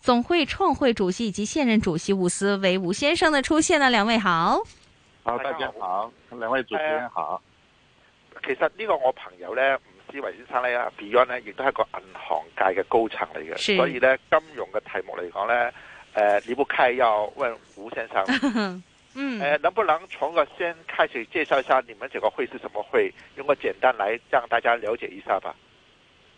總會創會主席以及現任主席吳斯維吳先生的出現了，兩位好。好、哦，大家好，呃、兩位主持人好。其實呢個我朋友呢吳斯維先生咧，啊，Beyond 咧，亦都係一個銀行界嘅高層嚟嘅，是所以咧，金融嘅題目嚟講呢誒離、呃、不開要問吳先生。 嗯。誒、呃，能不能從個先開始介紹一下你們這個會是什麼會？用個簡單來讓大家了解一下吧。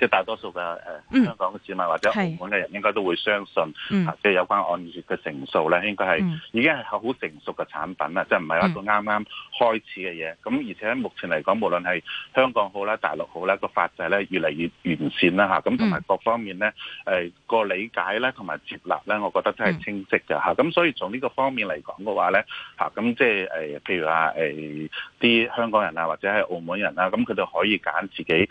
即係大多數嘅誒香港嘅市民或者澳門嘅人，應該都會相信嚇是、啊，即係有關按揭嘅成數咧，應該係、嗯、已經係好成熟嘅產品啦，嗯、即係唔係一個啱啱開始嘅嘢。咁、嗯嗯、而且目前嚟講，無論係香港好啦、大陸好啦，個法制咧越嚟越完善啦嚇，咁同埋各方面咧誒個理解咧同埋接納咧，我覺得都係清晰嘅嚇。咁、嗯、所以從呢個方面嚟講嘅話咧嚇，咁、啊、即係誒、呃，譬如話誒啲香港人啊，或者係澳門人啦、啊，咁佢哋可以揀自己誒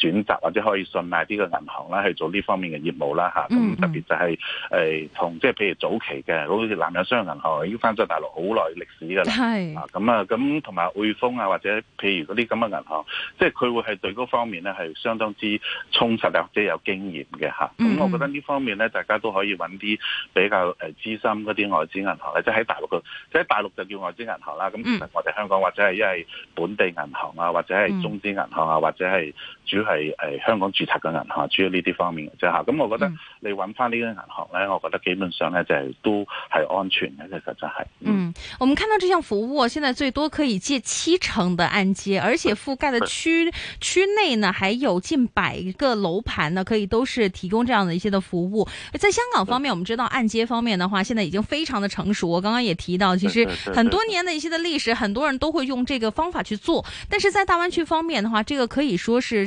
選擇或者可以。微信啊，啲嘅銀行啦，去做呢方面嘅業務啦嚇，咁、嗯嗯、特別就係誒同即係譬如早期嘅，好似南洋商業銀行已經返咗大陸好耐歷史㗎喇，是啊咁啊咁，同埋匯豐啊，或者譬如嗰啲咁嘅銀行，即係佢會係對嗰方面咧係相當之充實啊，或者有經驗嘅嚇。咁、嗯嗯、我覺得呢方面咧，大家都可以搵啲比較誒資深嗰啲外資銀行，或者喺大陸嘅，即係大陸就叫外資銀行啦。咁其實我哋香港或者係一係本地銀行啊，或者係中資銀行啊，或者係。主要係誒、呃、香港註冊嘅銀行，主要呢啲方面嘅啫吓。咁我覺得你揾翻呢間銀行咧，嗯、我覺得基本上咧就係、是、都係安全嘅，其實就係、是、嗯，我們看到這項服務，現在最多可以借七成的按揭，而且覆蓋的區區內呢，還有近百個樓盤呢，可以都是提供這樣的一些的服務。在香港方面，我們知道按揭方面的話，現在已經非常的成熟。我剛剛也提到，其實很多年的一些的歷史，很多人都會用這個方法去做。但是在大灣區方面的話，這個可以說是。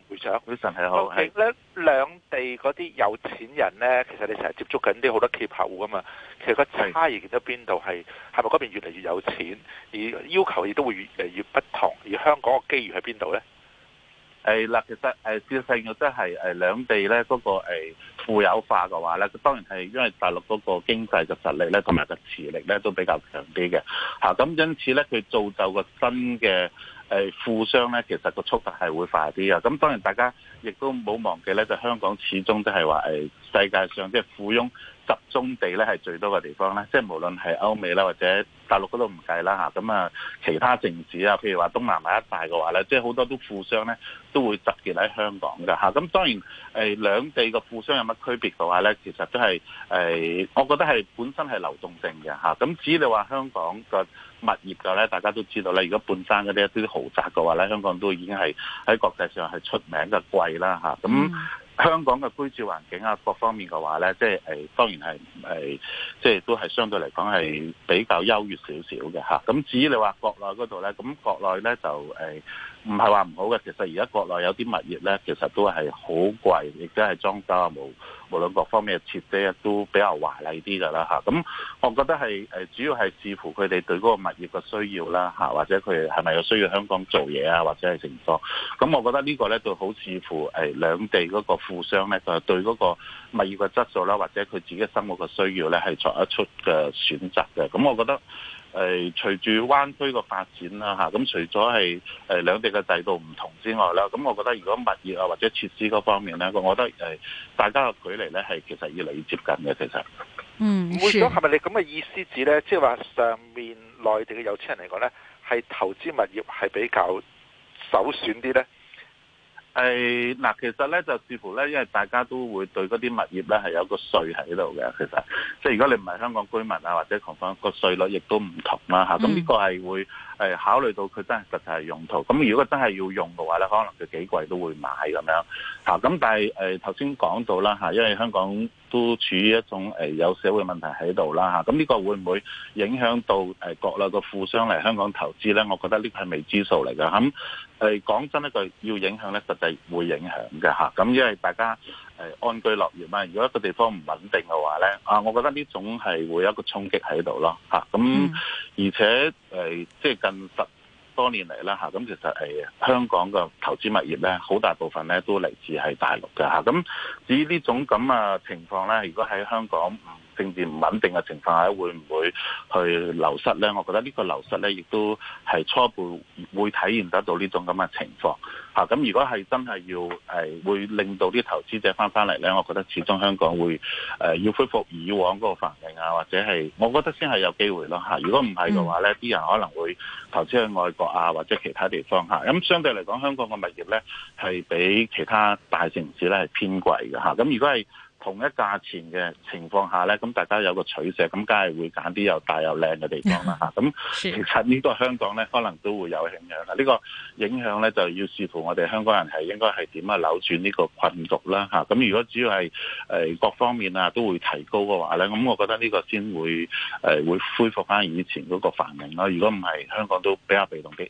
會好。其是兩地嗰啲有錢人咧，其實你成日接觸緊啲好多機構㗎嘛。其實個差異其到邊度，係係咪嗰邊越嚟越有錢，而要求亦都會越嚟越不同。而香港個機遇喺邊度咧？其實誒，事實亦都係兩地咧，嗰個富有化嘅話咧，當然係因為大陸嗰個經濟嘅實力咧、同埋個磁力咧都比較強啲嘅。咁、啊、因此咧，佢造就個新嘅。誒、呃、富商咧，其實個速度係會快啲啊！咁當然大家亦都冇忘記咧，就香港始終都係話誒世界上即係富翁集中地咧係最多嘅地方呢，即無論歐美啦。即係無論係歐美啦或者大陸嗰度唔計啦吓，咁啊，啊其他城市啊，譬如話東南亞一帶嘅話咧，即係好多都富商咧都會集結喺香港㗎。吓、啊，咁、啊、當然誒兩、呃、地嘅富商有乜區別嘅話咧，其實都係誒、呃，我覺得係本身係流動性嘅吓，咁至於你話香港個物業嘅咧，大家都知道咧。如果半山嗰啲一啲豪宅嘅話咧，香港都已經係喺國際上係出名嘅貴啦嚇。咁、嗯、香港嘅居住環境啊，各方面嘅話咧，即係誒，當然係誒，即係都係相對嚟講係比較優越少少嘅嚇。咁至於你話國內嗰度咧，咁國內咧就誒唔係話唔好嘅。其實而家國內有啲物業咧，其實都係好貴，亦都係裝修啊冇。無論各方面嘅設計都比較華麗啲㗎啦嚇，咁我覺得係誒主要係視乎佢哋對嗰個物業嘅需要啦嚇，或者佢係咪有需要香港做嘢啊，或者係情況，咁我覺得呢個咧就好似乎誒兩地嗰個富商咧，就係對嗰個物業嘅質素啦，或者佢自己生活嘅需要咧，係作出嘅選擇嘅，咁我覺得。誒隨住灣區個發展啦嚇，咁除咗係誒兩地嘅制度唔同之外啦，咁我覺得如果物業啊或者設施嗰方面咧，我覺得誒大家嘅距離咧係其實越嚟越接近嘅。其實嗯，唔會講係咪你咁嘅意思指咧，即係話上面內地嘅有錢人嚟講咧，係投資物業係比較首選啲咧？係嗱、哎，其實咧就似乎咧，因為大家都會對嗰啲物業咧係有一個稅喺度嘅。其實，即係如果你唔係香港居民啊，或者稅同方個稅率亦都唔同啦嚇。咁呢個係會。考慮到佢真係實際用途，咁如果佢真係要用嘅話咧，可能佢幾貴都會買咁樣咁，啊、但係頭先講到啦，因為香港都處於一種，呃、有社會問題喺度啦，咁呢個會唔會影響到，呃、國內嘅富商嚟香港投資咧？我覺得呢個係未知數嚟嘅。咁，啊、講、呃、真一句，要影響咧，實際會影響嘅，咁因為大家。係安居樂業嘛？如果一個地方唔穩定嘅話咧，啊，我覺得呢種係會有一個衝擊喺度咯，嚇咁、嗯、而且誒，即係近十多年嚟啦嚇，咁其實係香港嘅投資物業咧，好大部分咧都嚟自係大陸嘅嚇，咁至於呢種咁啊情況咧，如果喺香港政治唔穩定嘅情況下，會唔會去流失呢？我覺得呢個流失呢，亦都係初步會體現得到呢種咁嘅情況嚇。咁、啊、如果係真係要誒，會令到啲投資者翻翻嚟呢，我覺得始終香港會、呃、要恢復以往嗰個繁榮啊，或者係我覺得先係有機會咯、啊啊、如果唔係嘅話呢，啲人可能會投資去外國啊，或者其他地方嚇。咁、啊、相對嚟講，香港嘅物業呢，係比其他大城市呢係偏貴嘅嚇。咁、啊、如果係同一價錢嘅情況下呢，咁大家有個取捨，咁梗係會揀啲又大又靚嘅地方啦吓。咁其實呢個香港呢，可能都會有影響啦。呢、呢個影響呢，就要視乎我哋香港人係應該係點去扭轉呢個困局啦吓。咁如果主要係誒各方面啊都會提高嘅話呢，咁我覺得呢個先會誒會恢復翻以前嗰個繁榮啦。如果唔係，香港都比較被動啲。.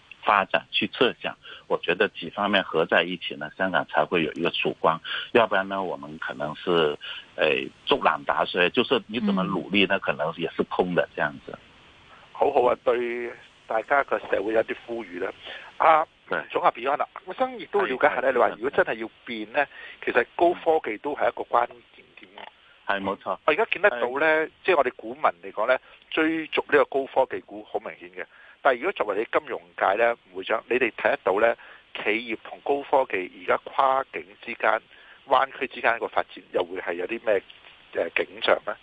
發展去設想，我覺得幾方面合在一起呢，香港才會有一個曙光。要不然呢，我們可能是誒竹籃打水，就是你怎麼努力呢，可能也是空的這樣子。嗯、好好啊，對大家個社會有啲呼籲啦。阿總阿 Beyond 啊，嗯、ona, 我想亦都了解下咧，的你話如果真係要變呢，嗯、其實高科技都係一個關鍵點嘅。係冇錯，我而家見得到咧，是的即係我哋股民嚟講咧，追逐呢個高科技股好明顯嘅。但係如果作為你金融界咧，唔會將你哋睇得到咧，企業同高科技而家跨境之間、灣區之間一個發展，又會係有啲咩誒景象咧？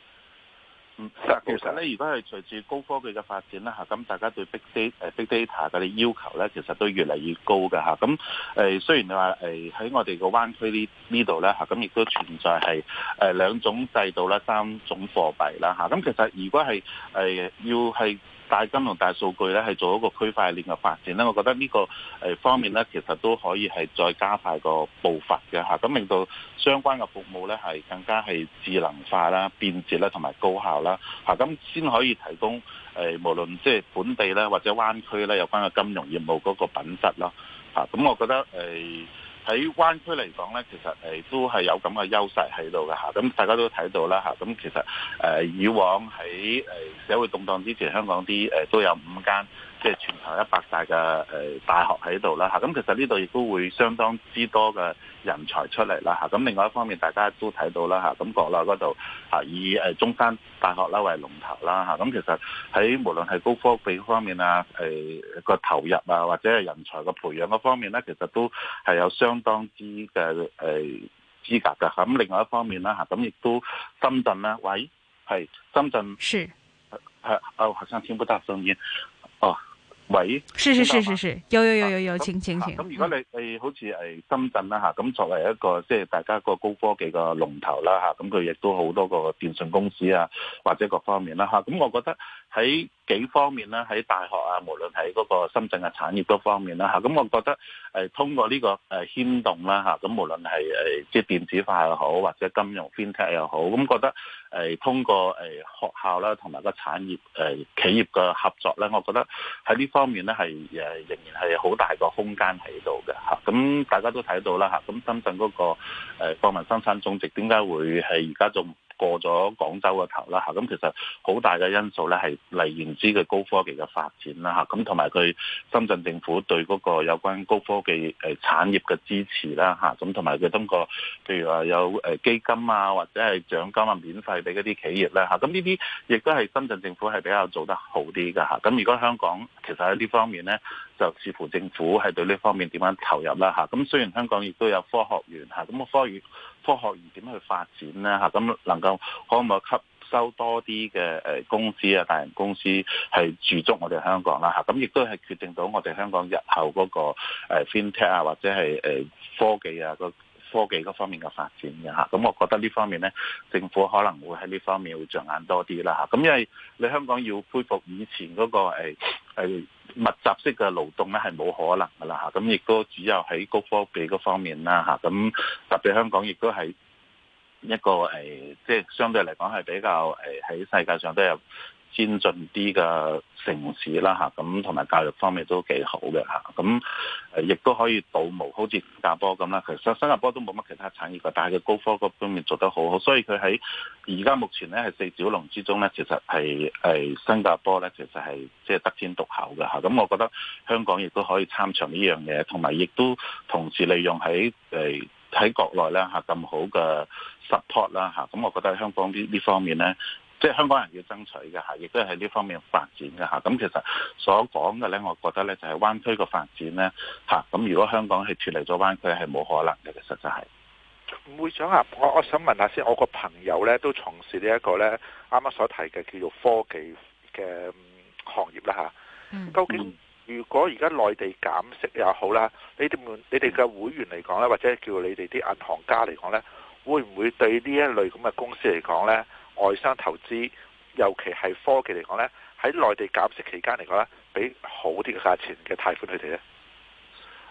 嗯，其實咁如果係隨住高科技嘅發展啦嚇，咁大家對 big data 誒 big data 啲要求咧，其實都越嚟越高嘅嚇。咁誒雖然你話誒喺我哋個灣區呢呢度咧嚇，咁亦都存在係誒兩種制度啦、三種貨幣啦嚇。咁其實如果係誒、呃、要係。大金融、大數據咧，係做一個區塊鏈嘅發展咧，我覺得呢個誒方面咧，其實都可以係再加快個步伐嘅嚇，咁令到相關嘅服務咧係更加係智能化啦、便捷啦同埋高效啦嚇，咁先可以提供誒無論即係本地咧或者灣區咧有關嘅金融業務嗰個品質咯嚇，咁我覺得誒。喺灣區嚟講咧，其實誒都係有咁嘅優勢喺度㗎吓，咁大家都睇到啦吓，咁其實誒以往喺誒社會動盪之前，香港啲誒都有五間。即係全球一百大嘅誒大學喺度啦嚇，咁其實呢度亦都會相當之多嘅人才出嚟啦嚇。咁另外一方面，大家都睇到啦嚇，咁國內嗰度嚇以誒中山大學啦為龍頭啦嚇，咁其實喺無論係高科技方面啊誒個投入啊，或者係人才嘅培養嗰方面咧，其實都係有相當之嘅誒、欸、資格㗎。咁另外一方面啦嚇，咁亦都深圳咧，喂，係深圳係係啊，我好像聽不得聲音哦。喂，是是是是是有有有有有，請請、啊、請。咁如果你誒好似係深圳啦吓，咁、啊、作為一個即係、嗯、大家個高科技個龍頭啦吓，咁佢亦都好多個電信公司啊，或者各方面啦吓，咁、啊、我覺得喺。幾方面咧，喺大學啊，無論喺嗰個深圳嘅產業嗰方面啦嚇，咁我覺得通過呢個牽動啦嚇，咁無論係即係電子化又好，或者金融 fintech 又好，咁覺得通過學校啦，同埋個產業企業嘅合作咧，我覺得喺呢方面咧係仍然係好大個空間喺度嘅嚇。咁大家都睇到啦嚇，咁深圳嗰個誒國民生產總值點解會係而家仲過咗廣州個頭啦，咁其實好大嘅因素咧，係嚟源之嘅高科技嘅發展啦，咁同埋佢深圳政府對嗰個有關高科技誒產業嘅支持啦，咁同埋佢通過譬如話有基金啊，或者係獎金啊，免費俾嗰啲企業啦，咁呢啲亦都係深圳政府係比較做得好啲㗎。咁如果香港其實喺呢方面咧，就視乎政府係對呢方面點樣投入啦，咁雖然香港亦都有科學院，咁個科學院。科學而點去發展呢？嚇，咁能夠可唔可以吸收多啲嘅誒公司啊、大型公司係駐足我哋香港啦嚇，咁亦都係決定到我哋香港日後嗰個 FinTech 啊或者係科技啊，科技嗰方面嘅發展嘅嚇，咁我覺得呢方面呢，政府可能會喺呢方面會著眼多啲啦嚇，咁因為你香港要恢復以前嗰個誒係密集式嘅勞動咧，係冇可能噶啦嚇，咁亦都只有喺高科技嗰方面啦嚇，咁特別香港亦都係一個誒，即係相對嚟講係比較誒喺世界上都有先進啲嘅城市啦，咁同埋教育方面都幾好嘅。咁亦都可以倒模，好似新加坡咁啦。其實新加坡都冇乜其他產業嘅，但係佢高科技方面做得好好，所以佢喺而家目前咧係四小龍之中咧，其實係係新加坡咧，其實係即係得天獨厚嘅。咁我覺得香港亦都可以參詳呢樣嘢，同埋亦都同時利用喺誒喺國內咧咁好嘅 support 啦。咁我覺得香港呢呢方面咧。即係香港人要爭取嘅嚇，亦都係喺呢方面發展嘅嚇。咁其實所講嘅咧，我覺得咧就係灣區嘅發展咧嚇。咁如果香港係脱離咗灣區係冇可能嘅，其實就係。會長啊，我我想問下先，我個朋友咧都從事呢一個咧啱啱所提嘅叫做科技嘅行業啦嚇。啊嗯，究竟如果而家內地減息又好啦，你哋會你哋嘅會員嚟講咧，或者叫你哋啲銀行家嚟講咧，會唔會對呢一類咁嘅公司嚟講咧？外商投資，尤其係科技嚟講呢，喺內地減息期間嚟講呢，俾好啲嘅價錢嘅貸款佢哋呢。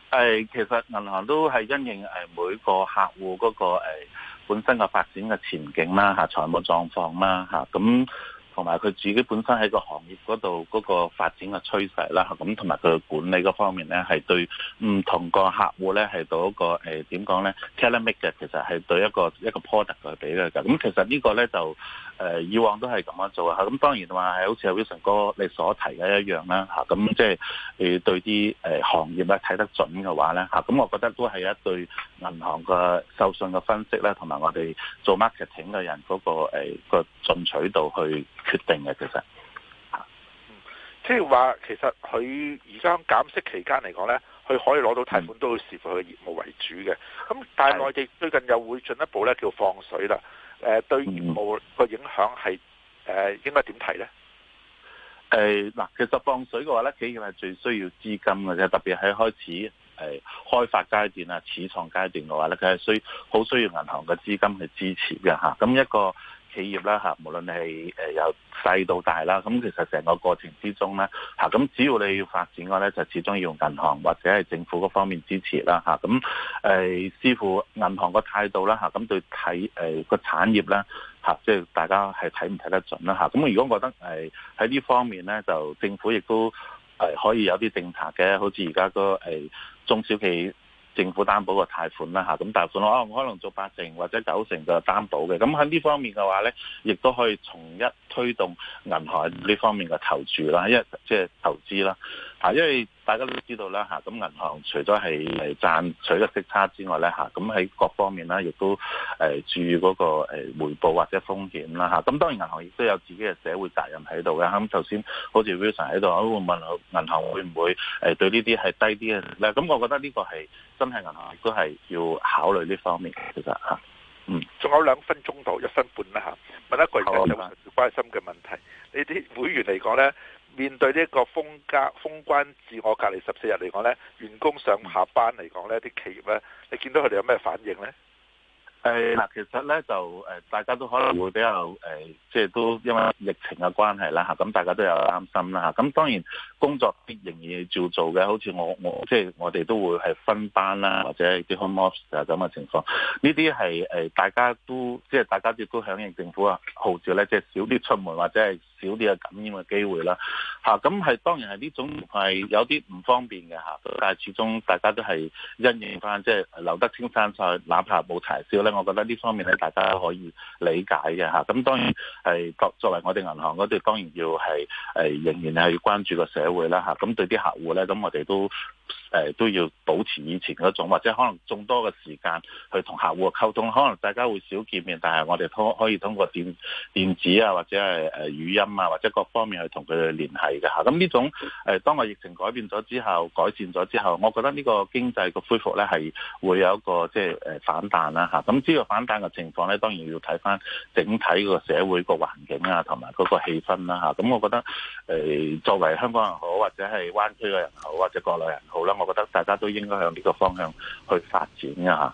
誒，其實銀行都係因應誒每個客戶嗰個誒本身嘅發展嘅前景啦、嚇財務狀況啦、嚇咁。同埋佢自己本身喺個行業嗰度嗰個發展嘅趨勢啦，咁同埋佢管理嗰方面咧，係對唔同個客戶咧係到一個誒點講咧 tailor-made 嘅，其實係對一個一個 product 去俾佢㗎。咁其實個呢個咧就誒、呃、以往都係咁樣做啊。咁當然話係好似 Wilson 哥你所提嘅一樣啦。咁即係對啲、呃、行業咧睇得準嘅話咧，咁我覺得都係一對銀行個授信嘅分析啦同埋我哋做 marketing 嘅人嗰、嗰個。呃進取度去決定嘅，其實，即係話其實佢而家減息期間嚟講呢，佢可以攞到貸款，都會視乎佢嘅業務為主嘅。咁、嗯、但係內地最近又會進一步呢，叫放水啦，誒、呃、對業務個影響係誒應該點睇呢？誒嗱、嗯呃，其實放水嘅話呢，企業係最需要資金嘅啫，特別係開始誒、呃、開發階段啊、始創階段嘅話呢，佢係需好需要銀行嘅資金去支持嘅嚇。咁、啊、一個。企業啦吓，無論係誒由細到大啦，咁其實成個過程之中咧吓，咁只要你要發展嘅咧，就始終要用銀行或者係政府嗰方面支持啦吓，咁誒，似乎銀行個態度啦吓，咁對睇誒個產業啦吓，即係大家係睇唔睇得準啦吓，咁如果覺得係喺呢方面咧，就政府亦都係可以有啲政策嘅，好似而家個誒中小企。政府擔保個貸款啦吓，咁貸款咯，我可能做八成或者九成就擔保嘅，咁喺呢方面嘅話咧，亦都可以從一推動銀行呢方面嘅投注啦，一即係投資啦。啊，因為大家都知道啦嚇，咁銀行除咗係誒賺取個息差之外咧嚇，咁喺各方面啦，亦都誒注意嗰個回報或者風險啦嚇。咁當然銀行亦都有自己嘅社會責任喺度嘅。咁頭先好似 Wilson 喺度，我都會問銀行會唔會誒對呢啲係低啲嘅咧？咁我覺得呢個係真係銀行亦都係要考慮呢方面其實嚇。嗯，仲有兩分鐘到一分半啦嚇，問一句，我哋話關心嘅問題。呢啲會員嚟講咧。面對呢個封家封關自我隔離十四日嚟講咧，員工上下班嚟講咧，啲企業咧，你見到佢哋有咩反應咧？誒嗱，其實咧就誒，大家都可能會比較誒，即係都因為疫情嘅關係啦嚇，咁大家都有擔心啦嚇。咁當然工作必仍然照做嘅，好似我我即係我哋都會係分班啦，或者係啲 home office 啊咁嘅情況。呢啲係誒，大家都即係大家亦都響應政府嘅號召咧，即係少啲出門或者係。少啲嘅感染嘅機會啦，吓、啊，咁係當然係呢種係有啲唔方便嘅吓、啊，但係始終大家都係因應翻，即、就、係、是、留得青山在，哪怕冇柴燒咧。我覺得呢方面咧，大家可以理解嘅吓。咁、啊、當然係作作為我哋銀行嗰度，當然要係誒、啊、仍然係要關注個社會啦吓，咁、啊、對啲客戶咧，咁我哋都誒、啊、都要保持以前嗰種，或者可能仲多嘅時間去同客戶溝通。可能大家會少見面，但係我哋通可以通過電電子啊，或者係誒、呃、語音。嘛或者各方面去同佢哋聯繫嘅吓，咁呢種誒，當個疫情改變咗之後改善咗之後，我覺得呢個經濟個恢復呢係會有一個即係誒反彈啦吓，咁呢個反彈嘅情況呢，當然要睇翻整體個社會個環境啊，同埋嗰個氣氛啦吓，咁我覺得誒、呃，作為香港人好，或者係灣區嘅人好，或者國內人好啦，我覺得大家都應該向呢個方向去發展嘅吓。